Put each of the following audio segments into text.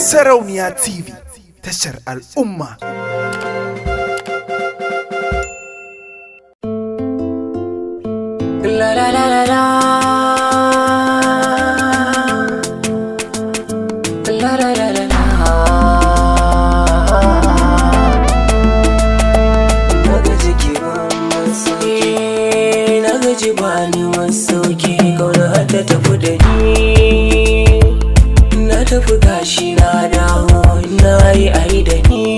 Sarauniya TV tashar al'umma. Na ta tafi ni na tafi tashi na damu na yi ai da ni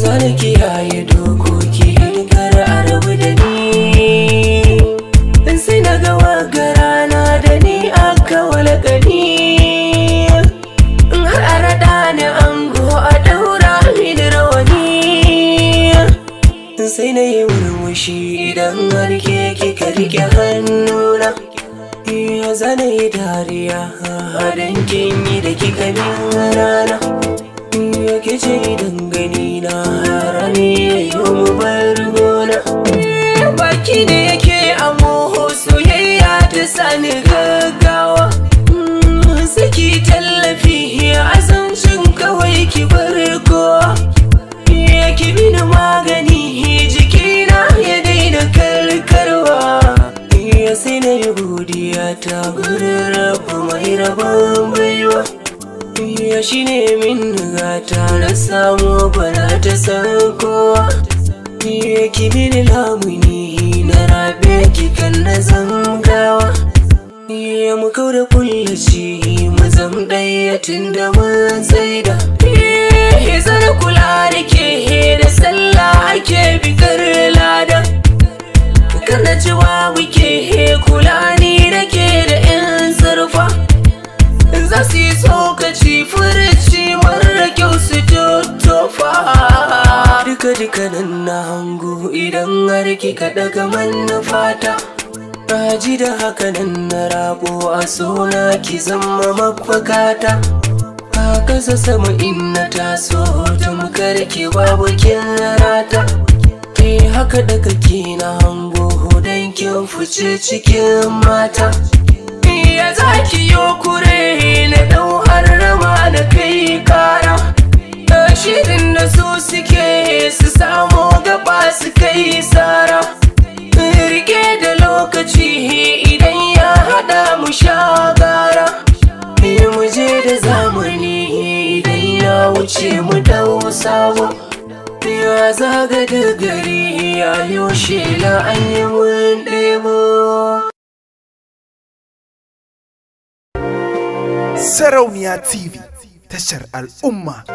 zana kiyaye dokoki kar a rabu da ni sai na ga wagara na da ni aka walakani in har raɗa ni ango a daura mini rawani sai na yi murmushi idan har ke kika rike hannuna maza yi dariya harin kinyi da kika min rana ya kice gani na rani ya yi mu bar gona baki da yake a soyayya ta sani ta gurin rabu mai rabon baiwa ya shi ne min gata na samu bana ta san kowa ya ki mini lamuni na rabe ki kan na zangawa ya mu kau da kullaci mu zam ɗaya tun da mun tsaida ya zara kula da ke da sallah ake bikar lada kan da cewa wike dika duka nan na hango idan har kika daga manufata na ji da haka nan na rabo a suna ki zama mafakata a kasa sama ina taso tamkar ke babu kin rata ke eh, haka daga kina hango don kin fice cikin mata eh, ya ki yo kure na sabo ya zaga da gari ya an yi mun ɗebo Sarauniya TV tashar al'umma